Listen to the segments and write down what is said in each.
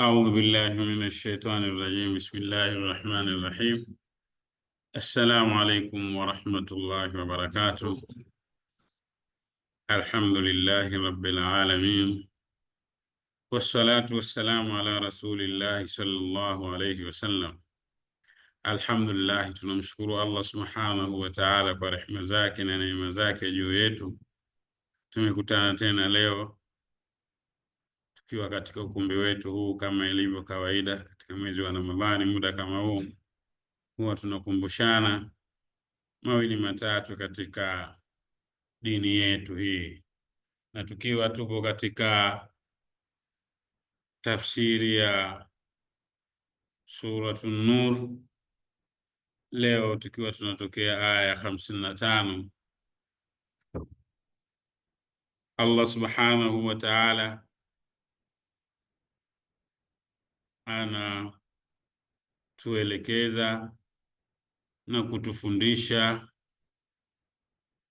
أعوذ بالله من الشيطان الرجيم بسم الله الرحمن الرحيم السلام عليكم ورحمة الله وبركاته الحمد لله رب العالمين والصلاة والسلام على رسول الله صلى الله عليه وسلم الحمد لله تنشكر الله سبحانه وتعالى برحمة زاكنا rehema zake جويته تمكتنا zake juu Tukiwa katika ukumbi wetu huu kama ilivyo kawaida katika mwezi wa Ramadhani, muda kama huu huwa tunakumbushana mawili matatu katika dini yetu hii, na tukiwa tupo katika tafsiri ya sura Nur leo tukiwa tunatokea aya ya hamsini na tano Allah subhanahu wa ta'ala anatuelekeza na kutufundisha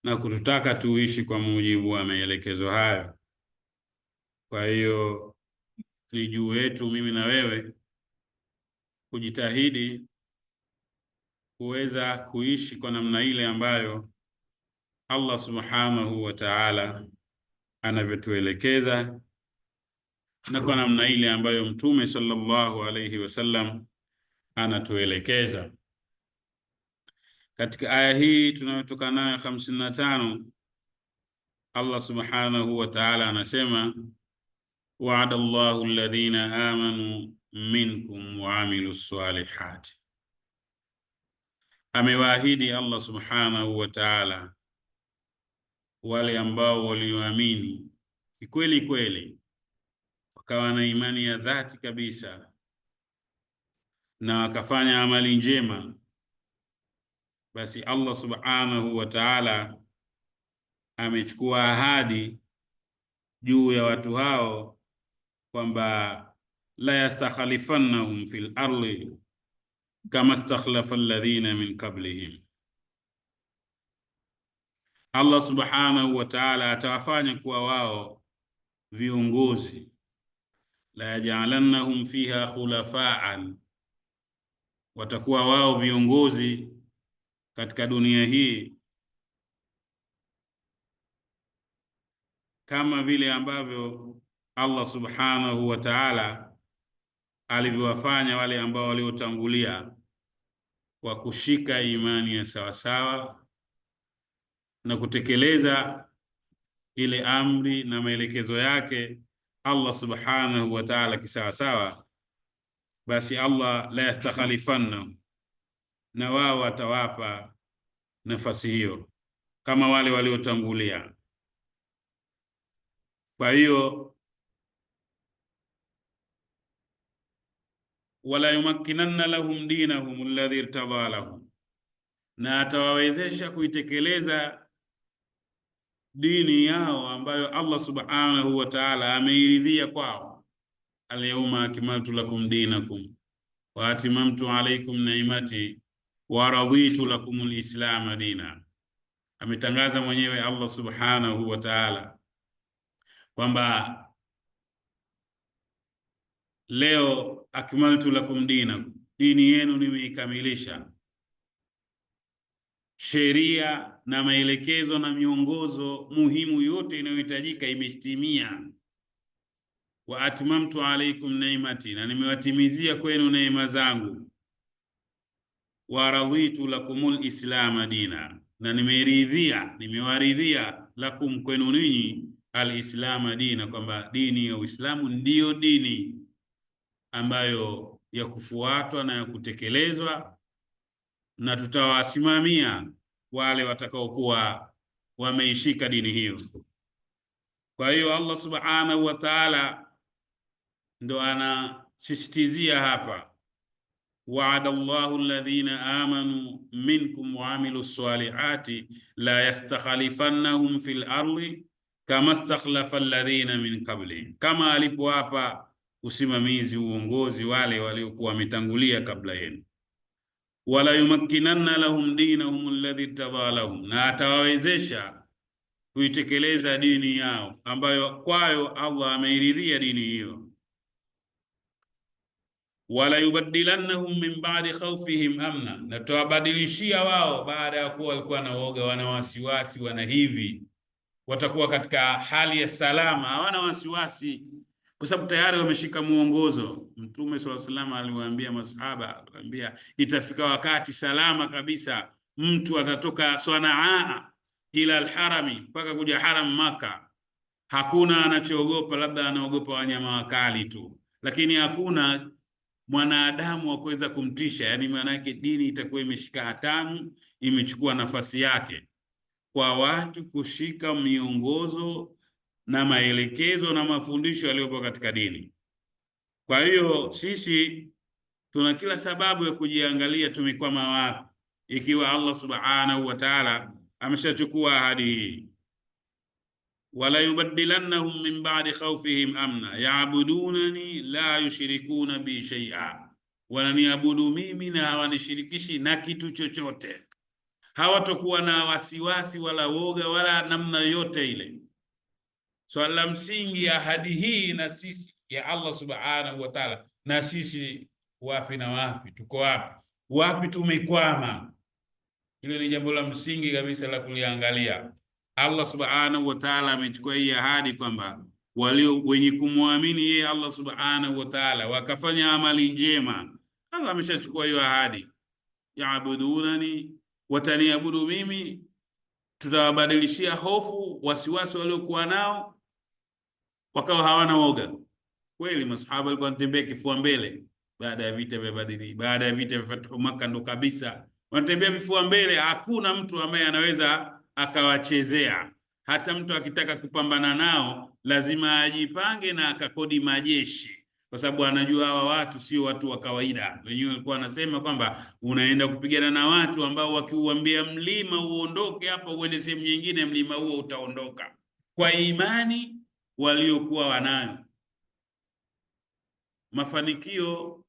na kututaka tuishi kwa mujibu wa maelekezo hayo. Kwa hiyo ni juu yetu mimi na wewe kujitahidi kuweza kuishi kwa namna ile ambayo Allah subhanahu wa ta'ala anavyotuelekeza na kwa namna ile ambayo Mtume sallallahu alayhi wasallam anatuelekeza katika aya hii tunayotoka nayo 55 Allah subhanahu wa ta'ala anasema waada Allahu alladhina amanu minkum wa amilu salihati, amewaahidi Allah subhanahu wa ta'ala wale ambao walioamini kikweli kweli wakawa na imani ya dhati kabisa na wakafanya amali njema, basi Allah subhanahu wa ta'ala amechukua ahadi juu ya watu hao kwamba la yastakhlifannahum fil ardi kama stakhlafa alladhina min qablihim, Allah subhanahu wa ta'ala atawafanya kuwa wao viongozi la yaj'alannahum fiha khulafaan, watakuwa wao viongozi katika dunia hii kama vile ambavyo Allah subhanahu wa ta'ala alivyowafanya wale ambao waliotangulia kwa kushika imani ya sawasawa na kutekeleza ile amri na maelekezo yake Allah subhanahu wa ta'ala kisawasawa, basi Allah la yastakhalifanna, na wao watawapa nafasi hiyo kama wale waliotangulia. Kwa hiyo wala yumakkinanna lahum dinahum alladhi irtadha lahum, na atawawezesha kuitekeleza dini yao ambayo Allah subhanahu wa ta'ala ameiridhia kwao, alyawma akmaltu lakum dinakum wa atimamtu alaykum ni'mati wa raditu lakum alislama dina. Ametangaza mwenyewe Allah subhanahu wa ta'ala kwamba leo akmaltu lakum dinakum, dini yenu nimeikamilisha sheria na maelekezo na miongozo muhimu yote inayohitajika imetimia. wa atmamtu alaikum neimati, na nimewatimizia kwenu neema zangu. wa raditu lakumul islama dina, na nimeridhia nimewaridhia lakum, kwenu ninyi alislama dina, kwamba dini ya Uislamu ndiyo dini ambayo ya kufuatwa na ya kutekelezwa na tutawasimamia wale watakaokuwa wameishika dini hiyo. Kwa hiyo Allah subhanahu wa ta'ala ndo anasisitizia hapa, waada llahu alladhina amanu minkum wa amilu salihati la yastakhlifannahum fil ardi kama stakhlafa alladhina min qablihim, kama alipo hapa usimamizi uongozi wale waliokuwa wametangulia kabla yenu wala yumakkinanna lahum dinahum alladhi tadha lahum, na atawawezesha kuitekeleza dini yao ambayo kwayo Allah ameiridhia dini hiyo. Wala yubaddilannahum min ba'di khawfihim amna, na tawabadilishia wao baada ya kuwa walikuwa na woga, wana wasiwasi, wana hivi, watakuwa katika hali ya salama, hawana wasiwasi kwa sababu tayari wameshika mwongozo. Mtume swalla salam aliwaambia masahaba, aliwaambia itafika wakati salama kabisa, mtu atatoka Swanaa ila alharami, mpaka kuja haram Maka, hakuna anachoogopa, labda anaogopa wanyama wakali tu, lakini hakuna mwanadamu wa kuweza kumtisha. Yani maana yake dini itakuwa imeshika hatamu, imechukua nafasi yake kwa watu kushika miongozo na maelekezo na mafundisho yaliyopo katika dini. Kwa hiyo sisi tuna kila sababu ya kujiangalia tumekwama wapi, ikiwa Allah subhanahu wa ta'ala ameshachukua ahadi hii wala yubaddilannahum min ba'di khawfihim amna yaabudunani la yushrikuna bi shay'a, wananiabudu mimi na hawanishirikishi na kitu chochote, hawatokuwa na wasiwasi wala woga wala namna yote ile. Swala la msingi ya ahadi hii na sisi ya Allah subhanahu wa taala, na sisi wapi na wapi, tuko wapi, wapi tumekwama? Hilo ni jambo la msingi kabisa la kuliangalia. Allah subhanahu wa taala amechukua hii ahadi kwamba walio wenye kumwamini yeye Allah subhanahu wa taala wakafanya amali njema, Allah ameshachukua hiyo ahadi, yaabudunani, wataniabudu mimi, tutawabadilishia hofu, wasiwasi waliokuwa nao wakawa hawana woga kweli. Masahaba walikuwa wanatembea kifua mbele baada ya vita vya Badiri, baada ya vita vya Fathu Makkah ndo kabisa wanatembea vifua mbele. Hakuna mtu ambaye anaweza akawachezea. Hata mtu akitaka kupambana nao lazima ajipange na akakodi majeshi, kwa sababu anajua hawa watu sio watu wa kawaida. Wenyewe walikuwa wanasema kwamba unaenda kupigana na watu ambao wakiuambia mlima uondoke hapa uende sehemu nyingine, mlima huo utaondoka kwa imani waliokuwa wanayo. Mafanikio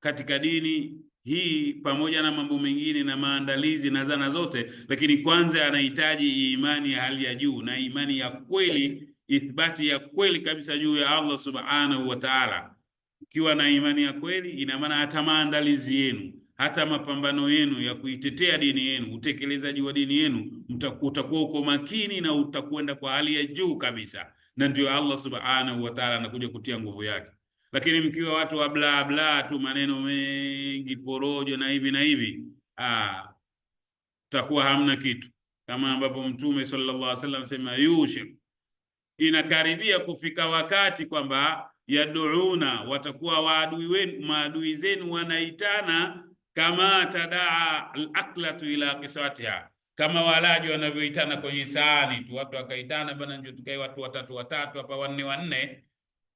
katika dini hii pamoja na mambo mengine na maandalizi na zana zote, lakini kwanza anahitaji imani ya hali ya juu na imani ya kweli, ithbati ya kweli kabisa juu ya Allah subhanahu wa ta'ala. Ukiwa na imani ya kweli, ina maana hata maandalizi yenu, hata mapambano yenu ya kuitetea dini yenu, utekelezaji wa dini yenu, utakuwa uko makini na utakwenda kwa hali ya juu kabisa na ndio Allah subhanahu wa ta'ala anakuja kutia nguvu yake. Lakini mkiwa watu wa bla bla tu maneno mengi porojo na hivi na hivi, ah, takuwa hamna kitu, kama ambapo Mtume sallallahu alaihi wasallam sema yushik, inakaribia kufika wakati kwamba yaduuna, watakuwa waadui wenu, maadui zenu wanaitana, kama tadaa alaklatu ila kiswatiha kama walaji wanavyoitana kwenye sahani tu, watu wakaitana bana, njoo tukae watu watatu watatu hapa wanne wanne,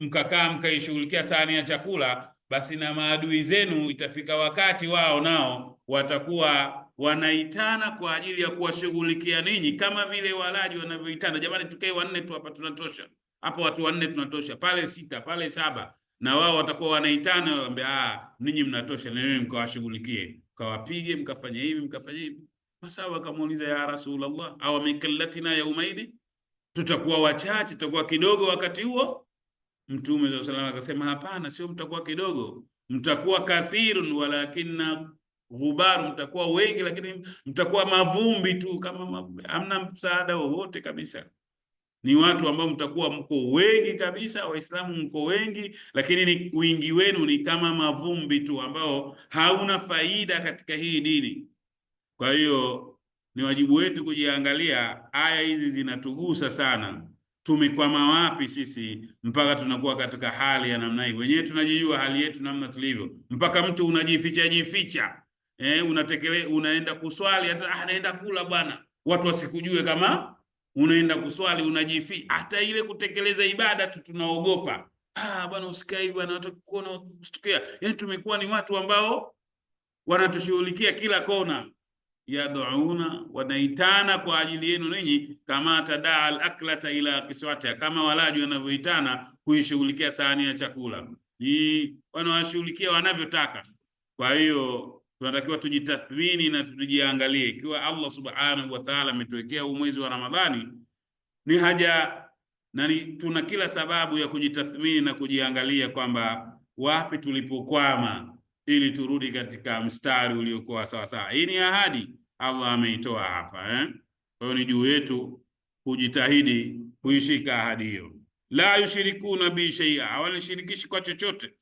mkakaa mkaishughulikia sahani ya chakula, basi na maadui zenu itafika wakati wao nao watakuwa wanaitana kwa ajili ya kuwashughulikia ninyi, kama vile walaji wanavyoitana, jamani, tukae wanne tu hapa tunatosha, hapo, watu wanne tunatosha, pale sita, pale saba, na wao watakuwa wanaitana, waambia ah, ninyi mnatosha, nini mkawashughulikie, mkawapige, mkafanya hivi, mkafanya hivi Masahaba wakamuuliza ya Rasulullah, awa min yaumaidi, tutakuwa wachache, tutakuwa kidogo wakati huo? Mtume sallallahu alayhi akasema, hapana, sio mtakuwa kidogo, mtakuwa kathirun walakinna ghubaru, mtakuwa wengi lakini mtakuwa mavumbi tu, kama hamna msaada wowote kabisa ni watu ambao mtakuwa mko wengi kabisa, Waislamu mko wengi, lakini ni wingi wenu ni kama mavumbi tu, ambao hauna faida katika hii dini. Kwa hiyo ni wajibu wetu kujiangalia, aya hizi zinatugusa sana. Tumekwama wapi sisi mpaka tunakuwa katika hali ya namna hii? Wenyewe tunajijua hali yetu namna tulivyo, mpaka mtu unajificha jificha, eh, unatekele, unaenda kuswali hata ah, naenda kula bwana, watu wasikujue kama unaenda kuswali, unajifi Hata ile kutekeleza ibada tu tunaogopa, ah bwana, usikai bwana, watu kuona, usitukia. Yani tumekuwa ni watu ambao wanatushughulikia kila kona yad'una, wanaitana kwa ajili yenu ninyi, kama tadaa alaklata ila kiswatiha, kama walaji wanavyoitana kuishughulikia sahani ya chakula, ni wanawashughulikia wanavyotaka. Kwa hiyo tunatakiwa tujitathmini na tujiangalie, ikiwa Allah subhanahu wa ta'ala ametuwekea huu mwezi wa Ramadhani ni haja na ni, tuna kila sababu ya kujitathmini na kujiangalia kwamba wapi tulipokwama ili turudi katika mstari uliokuwa sawasawa. Hii ni ahadi Allah ameitoa hapa eh? Kwa hiyo ni juu yetu kujitahidi kuishika ahadi hiyo. La yushirikuna bi shay'a, shirikishi kwa chochote,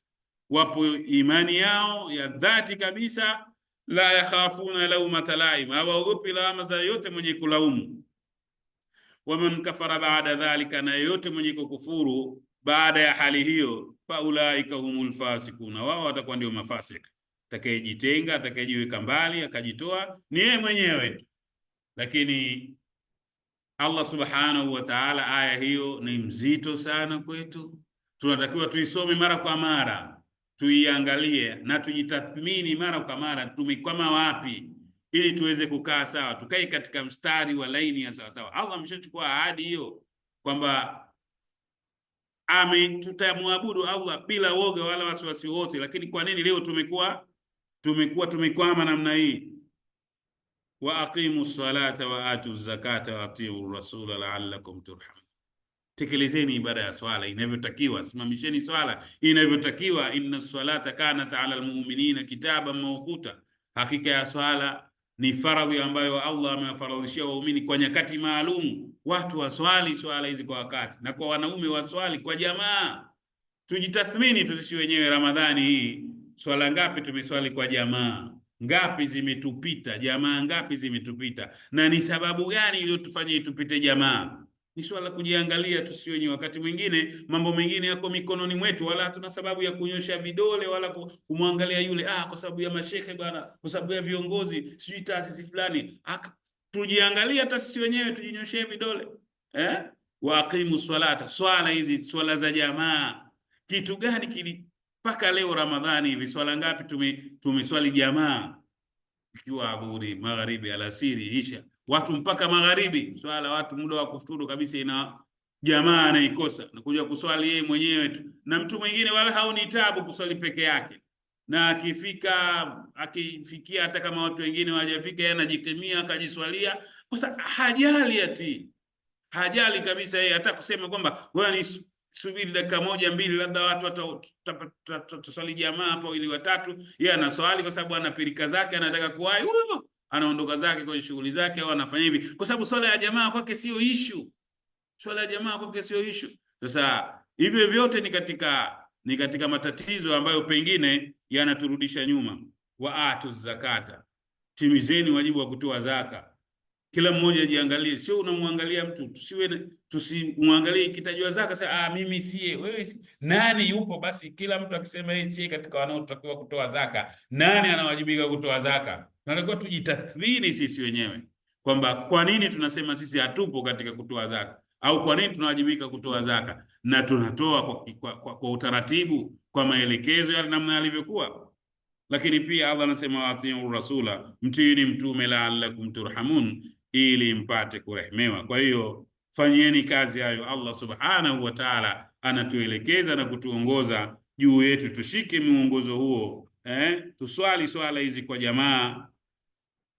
wapo imani yao ya dhati kabisa. La yakhafuna laumata laim, hawaogopi lawama za yote mwenye kulaumu. Waman kafara baada dhalika, na yote mwenye kukufuru baada ya hali hiyo, faulaika humul fasikuna, wao watakuwa ndio mafasiki atakayejitenga, atakayejiweka mbali, akajitoa ni yeye mwenyewe. Lakini Allah subhanahu wa ta'ala, aya hiyo ni mzito sana kwetu, tunatakiwa tuisome mara kwa mara, tuiangalie na tujitathmini mara kwa mara, tumekwama wapi, ili tuweze kukaa sawa, tukae katika mstari wa laini ya sawa sawa. Allah ameshachukua ahadi hiyo kwamba ame tutamwabudu Allah bila woga wala wasiwasi wote, lakini kwa nini leo tumekuwa tumekuwa tumekwama namna hii. wa aqimu salata wa atu zakata wa atiu rasula la'allakum turham, tekelezeni ibada ya swala inavyotakiwa, simamisheni swala inavyotakiwa. inna salata kanat ala almu'minina kitaban mawquta, hakika ya swala ni faradhi ambayo Allah amewafaradhishia waumini kwa nyakati maalum. Watu waswali swala hizi kwa wakati, na kwa wanaume waswali kwa jamaa. Tujitathmini tusisi wenyewe Ramadhani hii swala ngapi tumeswali kwa jamaa ngapi zimetupita, jamaa ngapi zimetupita, na ni sababu gani iliyotufanya itupite jamaa? Ni swala kujiangalia tu, si Wakati mwingine mambo mengine yako mikononi mwetu, wala hatuna sababu ya kunyosha vidole wala kumwangalia yule, ah, kwa sababu ya mashehe bwana, kwa sababu ya viongozi, sijui taasisi fulani. Tujiangalie hata sisi wenyewe, tujinyoshee vidole eh? Waaqimu salata, swala hizi swala za jamaa, kitu gani kili mpaka leo Ramadhani hivi swala ngapi tumeswali jamaa, ikiwa adhuri, magharibi, alasiri, isha, watu mpaka magharibi swala, watu muda wa kufuturu kabisa ina jamaa anaikosa nakuja kuswali yeye mwenyewe tu, na mtu mwingine wala haoni tabu kuswali peke yake, na akifika akifikia, hata kama watu wengine wajafika, yeye anajikemia akajiswalia, kwa sababu hajali ati hajali kabisa yeye, hata kusema kwamba wewe ni subiri dakika moja mbili, labda watu wataswali jamaa hapa ili watatu, yeye anaswali kwa sababu ana pirika zake, anataka kuwahi huyo, anaondoka zake kwenye shughuli zake, au anafanya hivi kwa sababu swala ya jamaa kwake sio ishu, swala ya jamaa kwake sio ishu. Sasa hivyo vyote ni katika ni katika matatizo ambayo pengine yanaturudisha nyuma. Waatu zakata, timizeni wajibu wa kutoa zaka kila mmoja ajiangalie, sio unamwangalia mtu, tusiwe tusimwangalie kitajua zaka sasa, ah, mimi siye wewe si. Nani yupo basi? Kila mtu akisema yeye siye katika wanaotakiwa kutoa zaka, nani anawajibika kutoa zaka? Tunatakiwa tujitathmini sisi wenyewe kwamba kwa nini tunasema sisi hatupo katika kutoa zaka au kwa nini tunawajibika kutoa zaka, na tunatoa kwa, kwa, kwa, kwa utaratibu, kwa maelekezo yale namna yalivyokuwa. Lakini pia Allah anasema watiu rasula, mtiini mtume, laallakum turhamun ili mpate kurehemewa. Kwa hiyo fanyeni kazi hayo. Allah subhanahu wa ta'ala anatuelekeza na kutuongoza juu yetu, tushike miongozo huo eh, tuswali swala hizi kwa jamaa,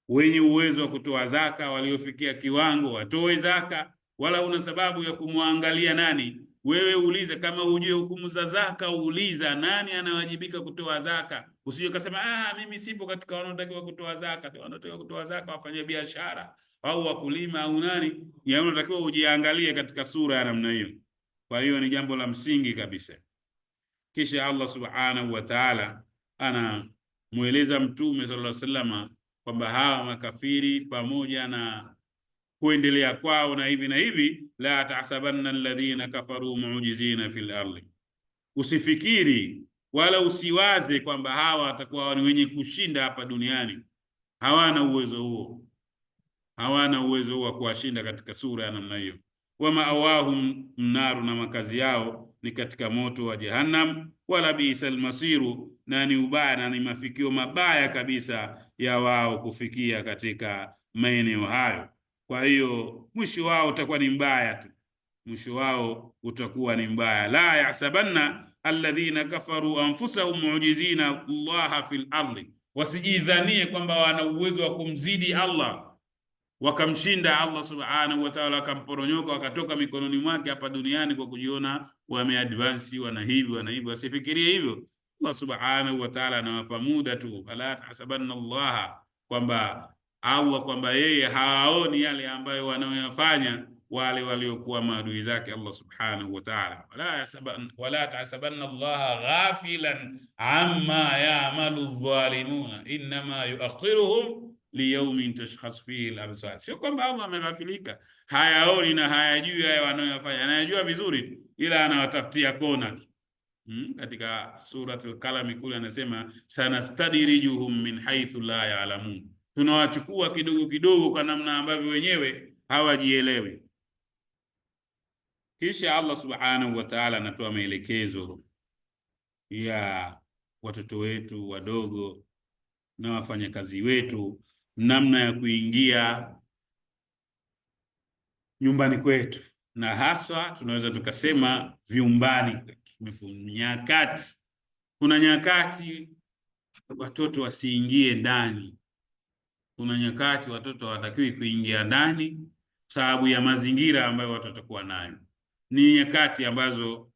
wenye uwezo wa kutoa zaka waliofikia kiwango watoe zaka, wala una sababu ya kumwangalia nani. Wewe uulize kama hujue hukumu za zaka, uuliza nani anawajibika kutoa zaka. Usije ukasema ah, mimi sipo katika wanaotakiwa kutoa zaka. Wanaotakiwa kutoa zaka wafanye biashara au wakulima au nani, ya yaani unatakiwa ujiangalie katika sura ya namna hiyo. Kwa hiyo ni jambo la msingi kabisa. Kisha Allah subhanahu wa ta'ala anamweleza Mtume sallallahu alaihi wasallam kwamba hawa makafiri pamoja na kuendelea kwao na hivi na hivi, la tahsabanna alladhina kafaru mu'jizina fil ardi, usifikiri wala usiwaze kwamba hawa watakuwa ni wenye kushinda hapa duniani. Hawana uwezo huo hawana uwezo wa kuwashinda katika sura ya namna hiyo. Wa maawahum mnaru, na makazi yao ni katika moto wa Jahannam. Wala biisal almasiru, na ni ubaya na ni mafikio mabaya kabisa ya wao kufikia katika maeneo hayo. Kwa hiyo mwisho wao utakuwa ni mbaya tu, mwisho wao utakuwa ni mbaya. La yahsabanna alladhina kafaru anfusahum mu'jizina Allaha fil ardi, wasijidhanie kwamba wana uwezo wa kumzidi Allah wakamshinda Allah subhanahu wa ta'ala, akamporonyoka wakatoka mikononi mwake hapa duniani kwa kujiona wameadvansi, wana hivi wana hivi. Wasifikirie hivyo. Allah subhanahu wa ta'ala anawapa muda tu, fala tahsabanna Allah kwamba Allah kwamba yeye hawaoni yale ambayo wanayofanya wale waliokuwa maadui zake Allah subhanahu wa ta'ala, wala tahsabanna Allah ghafilan amma ya'malu dhalimuna inma yuakhiruhum liyaumin tashkhas fihi al-absar. Sio kwamba Allah ameghafilika, hayaoni na hayajui haya wanayofanya, anayajua vizuri tu, ila anawatafutia kona tu. Hmm? Katika Surat al-Qalam kule anasema sanastadrijuhum min haithu la ya'lamun, tunawachukua kidogo kidogo kwa namna ambavyo wenyewe hawajielewi. Kisha Allah subhanahu wa ta'ala anatoa maelekezo ya watoto wetu wadogo na wafanyakazi wetu namna ya kuingia nyumbani kwetu, na haswa tunaweza tukasema vyumbani kwetu. Nyakati kuna nyakati watoto wasiingie ndani, kuna nyakati watoto hawatakiwi kuingia ndani sababu ya mazingira ambayo watu watakuwa nayo. Ni nyakati ambazo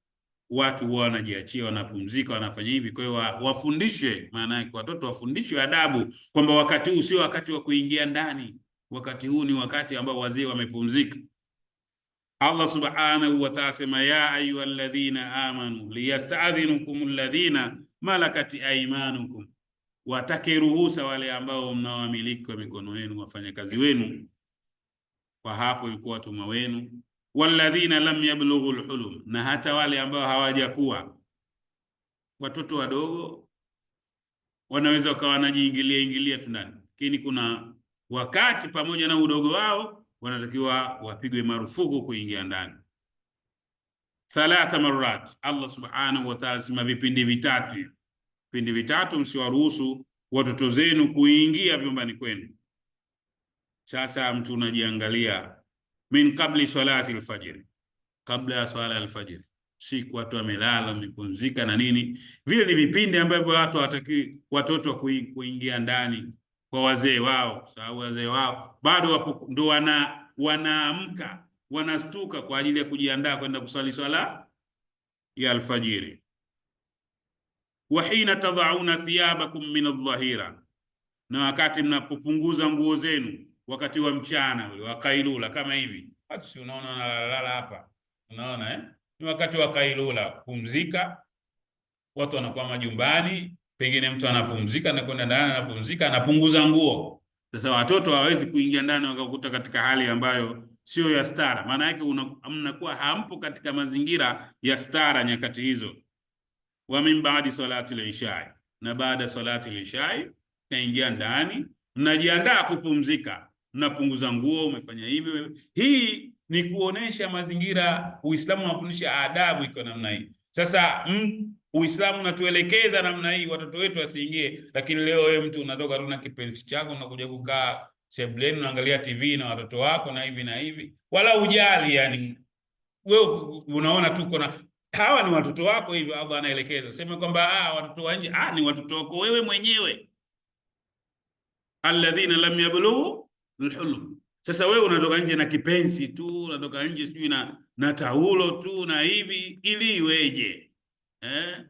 watu huwa wanajiachia, wanapumzika, wanafanya hivi. Kwa hiyo wafundishe, maana yake watoto wafundishwe adabu kwamba wakati huu sio wakati wa kuingia ndani, wakati huu ni wakati ambao wazee wamepumzika. Allah subhanahu wa ta'ala sema, ya alladhina amanu liyasta'dhinukum alladhina malakat aymanukum, watake ruhusa wale ambao mnawamiliki kwa mikono yenu, wafanyakazi wenu, kwa hapo ilikuwa watumwa wenu walladhina lam yablughu lhulum, na hata wale ambao hawajakuwa watoto wadogo wanaweza wakawa wanajiingilia ingilia tu ndani, lakini kuna wakati pamoja na udogo wao wanatakiwa wapigwe marufuku kuingia ndani. Thalatha marat, Allah subhanahu wa ta'ala sema vipindi vitatu, vipindi vitatu msiwaruhusu watoto zenu kuingia vyumbani kwenu. Sasa mtu unajiangalia min qabli salati alfajiri, kabla ya swala alfajiri. Siku watu wamelala wamepumzika na nini, vile ni vipindi ambavyo watu hawatakiwi watoto kuingia ndani kwa wazee wao, sababu wazee wao bado ndo wana wanaamka wanastuka kwa ajili ya kujiandaa kwenda kusali swala ya alfajiri. wa hina tadhauna thiyabakum min aldhahira, na wakati mnapopunguza nguo zenu wakati wa mchana ule wa kailula kama hivi, watu si unaona wanalalala hapa, unaona eh? Ni wakati wa kailula kupumzika, watu wanakuwa majumbani, pengine mtu anapumzika, na kwenda ndani, anapumzika, anapunguza nguo. Sasa watoto hawawezi kuingia ndani wakakuta katika hali ambayo sio ya stara, maana yake mnakuwa hampo katika mazingira ya stara nyakati hizo. wa min baadi salati lishai, na baada salati lishai naingia ndani, mnajiandaa kupumzika mnapunguza nguo, umefanya hivi. Hii ni kuonesha mazingira. Uislamu unafundisha adabu iko namna hii. Sasa mm, Uislamu unatuelekeza namna hii, watoto wetu wasiingie. Lakini leo wewe mtu unatoka tu na kipenzi chako unakuja kukaa sebuleni unaangalia TV na watoto wako na hivi na hivi, wala ujali. Yani wewe unaona tuko na hawa ni watoto wako, hivyo Allah anaelekeza sema kwamba ah, watoto wa nje ah, ni watoto wako wewe mwenyewe, alladhina lam yablughu lhulm. Sasa wewe unatoka nje na kipenzi tu, unatoka nje sijui na na taulo tu na hivi, ili iweje eh?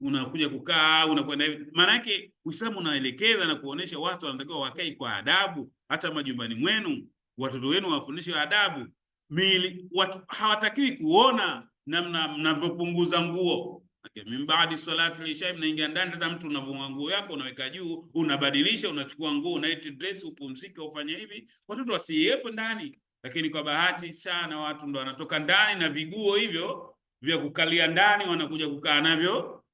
Unakuja kukaa unakwenda hivi. Maana yake Uislamu unaelekeza na kuonesha watu wanatakiwa wakae kwa adabu, hata majumbani mwenu watoto wenu wafundishwe adabu. Mili watu hawatakiwi kuona namna mnavyopunguza nguo lakini min baadi salati lisha, mnaingia ndani. Hata mtu unavua nguo yako unaweka juu, unabadilisha, unachukua nguo na eti dress, upumzike, ufanye hivi, watoto wasiepo ndani. Lakini kwa bahati sana watu ndo wanatoka ndani na viguo hivyo vya kukalia ndani, wanakuja kukaa navyo,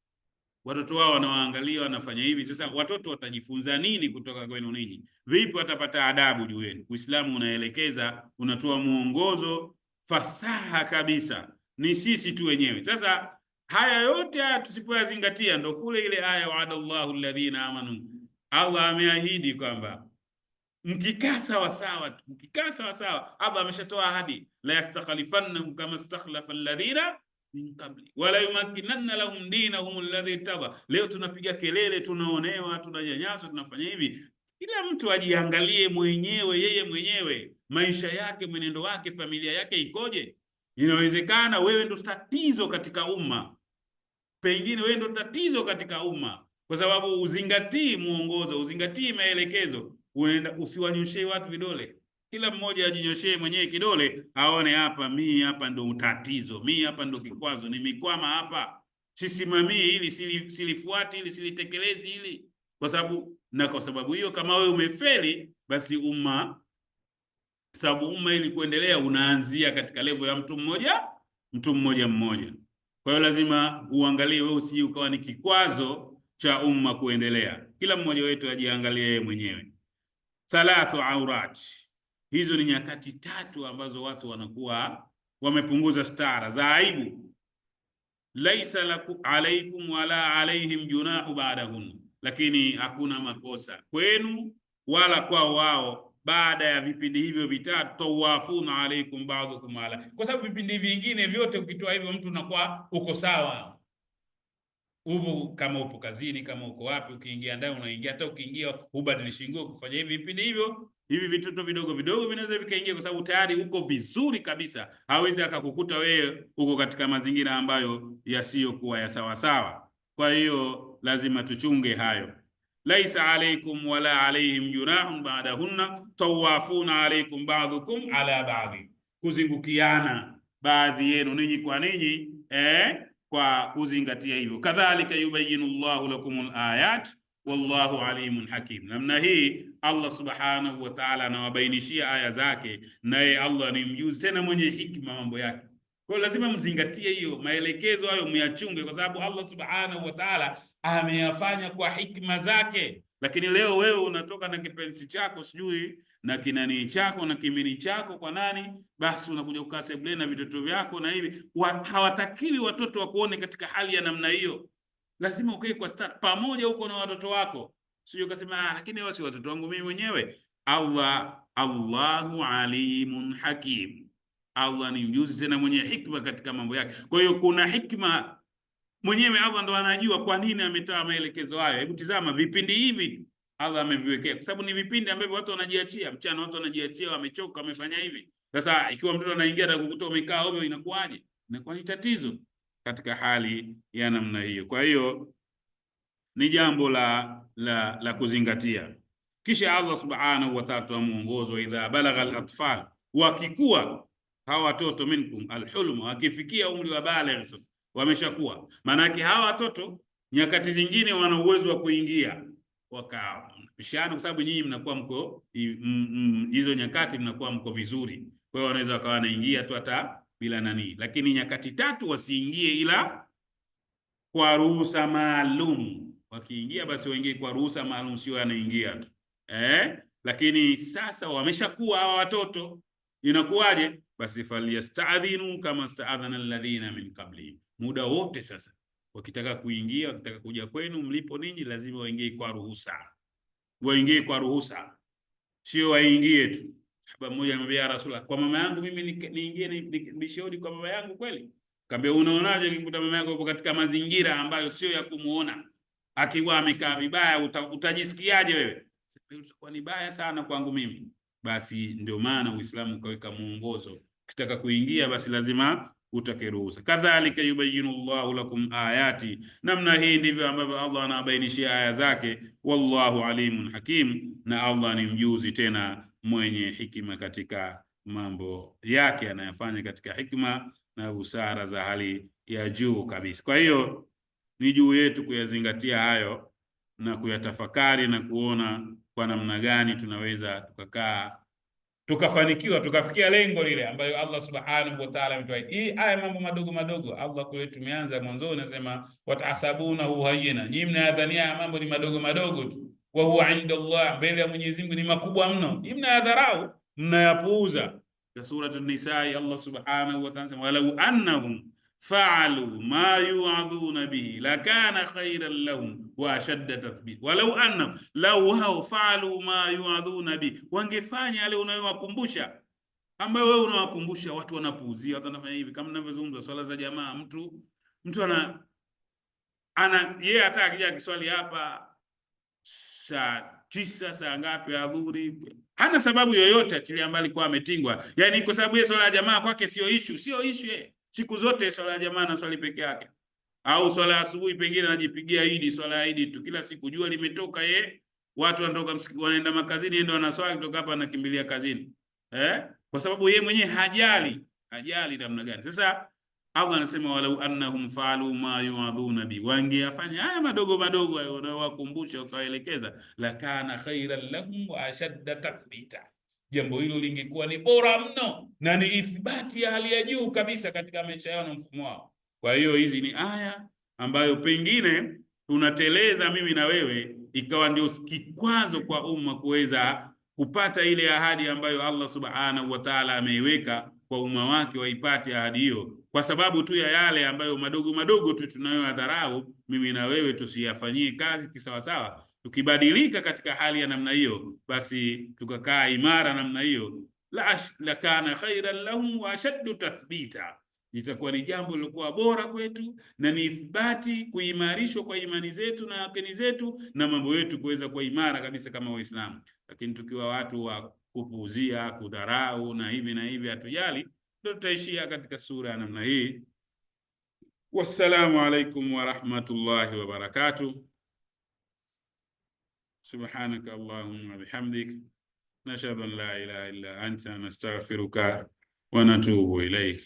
watoto wao wanawaangalia, wanafanya hivi. Sasa watoto watajifunza nini kutoka kwenu ninyi? Vipi watapata adabu juu yenu? Uislamu unaelekeza, unatoa muongozo fasaha kabisa, ni sisi tu wenyewe sasa Haya yote haya tusipoyazingatia, ndo kule ile aya waada llahu alladhina amanu, Allah ameahidi kwamba mkikaa sawasawa, mkikaa sawasawa, Allah ameshatoa ahadi la yastakhlifannahum kama stakhlafa alladhina min qabli wala yumakkinanna lahum dinahum alladhi irtadha. Leo tunapiga kelele, tunaonewa, tunanyanyaswa, tunafanya hivi. Kila mtu ajiangalie mwenyewe, yeye mwenyewe, maisha yake, mwenendo wake, familia yake ikoje? Inawezekana wewe ndo tatizo katika umma pengine wewe ndo tatizo katika umma, kwa sababu uzingatii mwongozo, uzingatii maelekezo. Unaenda usiwanyoshee watu vidole, kila mmoja ajinyoshee mwenyewe kidole, aone hapa, mimi hapa ndo tatizo, mimi hapa ndo kikwazo, nimekwama hapa, sisimamii hili, silifuati hili, silitekelezi hili, kwa sababu na kwa sababu hiyo, kama wewe umefeli, basi umma sababu umma ili kuendelea unaanzia katika levo ya mtu mmoja mtu mmoja mmoja. Kwa hiyo lazima uangalie wewe, usije ukawa ni kikwazo cha umma kuendelea. Kila mmoja wetu ajiangalie yeye mwenyewe. Thalathu aurat, hizo ni nyakati tatu ambazo watu wanakuwa wamepunguza stara za aibu. Laisa laku, alaikum wala alaihim junahu baadahun, lakini hakuna makosa kwenu wala kwa wao baada ya vipindi hivyo vitatu, tawafuna alaikum ba'dukum ala, kwa sababu vipindi vingine vyote ukitoa hivyo mtu unakuwa uko sawa, upo kama upo kazini, kama uko wapi, ukiingia ndani unaingia, hata ukiingia ubadilishi nguo kufanya hivi vipindi hivyo hivi vitoto vidogo vidogo vinaweza vikaingia, kwa sababu tayari uko vizuri kabisa. Hawezi akakukuta wewe uko katika mazingira ambayo yasiyokuwa ya sawasawa. Kwa hiyo lazima tuchunge hayo laisa alaikum wala alaihim junahun badahunna tawafuna alaikum badukum ala badi kuzingukiana baadhi yenu ninyi kwa ninyi eh, kwa kuzingatia hivyo. Kadhalika yubayinu llahu lakum layat wallahu alimun hakim. Namna hii Allah subhanahu wa ta'ala anawabainishia aya zake, naye Allah ni mjuzi tena mwenye hikma mambo yake. Kwa lazima mzingatie hiyo maelekezo hayo, myachunge kwa sababu Allah subhanahu wa ta'ala ameyafanya kwa hikma zake, lakini leo wewe unatoka na kipenzi chako sijui na kinani chako na kimini chako kwa nani, basi unakuja kukaa sebuleni na vitoto vyako na hivi. wa, Hawatakiwi watoto wakuone katika hali ya namna hiyo, lazima ukae kwa star pamoja huko na watoto wako, sio ukasema ah, lakini wao si watoto wangu mimi mwenyewe. Allah, Allahu alimun hakim, Allah ni mjuzi tena mwenye hikma katika mambo yake. Kwa hiyo kuna hikma mwenyewe Allah ndo anajua kwa nini ametoa maelekezo hayo. Hebu tazama vipindi hivi Allah ameviwekea, kwa sababu ni vipindi ambavyo watu wanajiachia mchana, watu wanajiachia, wamechoka, wamefanya hivi. Sasa ikiwa mtoto anaingia kukuta umekaa ovyo, inakuwaje? Inakuwa ni tatizo katika hali ya namna hiyo. Kwa hiyo ni jambo la, la, la kuzingatia. Kisha Allah subhanahu wa ta'ala tuamuongozo, idha balagha al-atfal, wakikuwa hawa watoto minkum alhulm, wakifikia umri wa baligh sasa wameshakuwa. Maana yake hawa watoto nyakati zingine wana uwezo wa kuingia wakapishana, kwa sababu nyinyi mnakuwa mko hizo nyakati mnakuwa mko vizuri, kwa hiyo wanaweza wakawa wanaingia tu hata bila nani, lakini nyakati tatu wasiingie ila kwa ruhusa maalum. Wakiingia basi waingie kwa ruhusa maalum, sio anaingia tu eh? Lakini sasa wameshakuwa hawa watoto, inakuwaje? Basi falyastadhinu kama staadhana alladhina min qablihim muda wote. Sasa wakitaka kuingia, wakitaka kuja kwenu, mlipo ninyi, lazima waingie kwa ruhusa, waingie kwa ruhusa, sio waingie tu. Baba mmoja anamwambia Rasula, kwa mama yangu mimi niingie ni, ni, ni, ni, ni nishauri kwa mama yangu kweli? Kaambia, unaonaje ukikuta mama yako yupo katika mazingira ambayo sio ya kumuona akiwa amekaa vibaya, uta, utajisikiaje wewe? Itakuwa ni baya sana kwangu mimi. Basi ndio maana Uislamu ukaweka muongozo, ukitaka kuingia basi lazima utakiruhusa. Kadhalika yubayinu Allahu lakum ayati, namna hii ndivyo ambavyo Allah anabainishia aya zake. Wallahu alimun hakim, na Allah ni mjuzi tena mwenye hikima katika mambo yake anayofanya katika hikma na busara za hali ya juu kabisa. Kwa hiyo ni juu yetu kuyazingatia hayo na kuyatafakari na kuona kwa namna gani tunaweza tukakaa tukafanikiwa tukafikia lengo lile ambayo Allah subhanahu wa ta'ala ametuahidi. Hii aya mambo madogo madogo. Allah kule tumeanza mwanzo unasema watasabuna hayina, nyinyi mnayadhania haya mambo ni madogo madogo tu, wa huwa inda Allah, mbele ya Mwenyezi Mungu ni makubwa mno. Nyinyi mnayadharau, mnayapuuza. Sura an Allah subhanahu wa ta'ala anasema walau annahum faalu ma yuadhuna bihi lakana khairan lahum wa ashadda tathbit walau anna lau hao faalu ma yuaduna bihi, wangefanya yale unayowakumbusha, ambayo wewe unawakumbusha watu wanapuuzia, watu wanafanya hivi, kama ninavyozungumza swala za jamaa. Mtu mtu ana ana yeye hata akija kiswali hapa saa tisa saa ngapi adhuri, hana sababu yoyote, achilia mbali kwa ametingwa, yani kwa sababu ya swala ya jamaa kwake sio issue, sio issue eh siku zote swala ya jamaa na swali peke yake, au swala ya asubuhi pengine anajipigia idi, swala ya idi tu kila siku. Jua limetoka ye, watu wanatoka msikiti, wanaenda makazini, yeye ndo anaswali kutoka hapa, anakimbilia kazini eh, kwa sababu ye mwenyewe hajali, hajali namna gani. Sasa Allah anasema walau annahum faalu ma yuaduna bi, afanya haya madogo madogo wanawakumbusha wakaelekeza ukawaelekeza, lakana khairan lahum wa ashadda tathbita jambo hilo lingekuwa ni bora mno na ni ithibati ya hali ya juu kabisa katika maisha yao na mfumo wao. Kwa hiyo hizi ni aya ambayo pengine tunateleza mimi na wewe, ikawa ndio kikwazo kwa umma kuweza kupata ile ahadi ambayo Allah subhanahu wa ta'ala ameiweka kwa umma wake waipate ahadi hiyo, kwa sababu tu ya yale ambayo madogo madogo tu tunayoyadharau, mimi na wewe tusiyafanyie kazi kisawasawa Tukibadilika katika hali ya namna hiyo, basi tukakaa imara namna hiyo, la, lakana khairan lahum wa ashaddu tathbita, itakuwa ni jambo lilokuwa bora kwetu na ni ithbati, kuimarishwa kwa imani zetu na akini zetu na mambo yetu kuweza kuwa imara kabisa kama Waislamu. Lakini tukiwa watu wa kupuuzia, kudharau na hivi na hivi, hatujali, ndio tutaishia katika sura ya namna hii. Wassalamu alaikum warahmatullahi wabarakatuh. سبحانك اللهم وبحمدك نشهد أن لا إله إلا أنت نستغفرك ونتوب إليك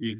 you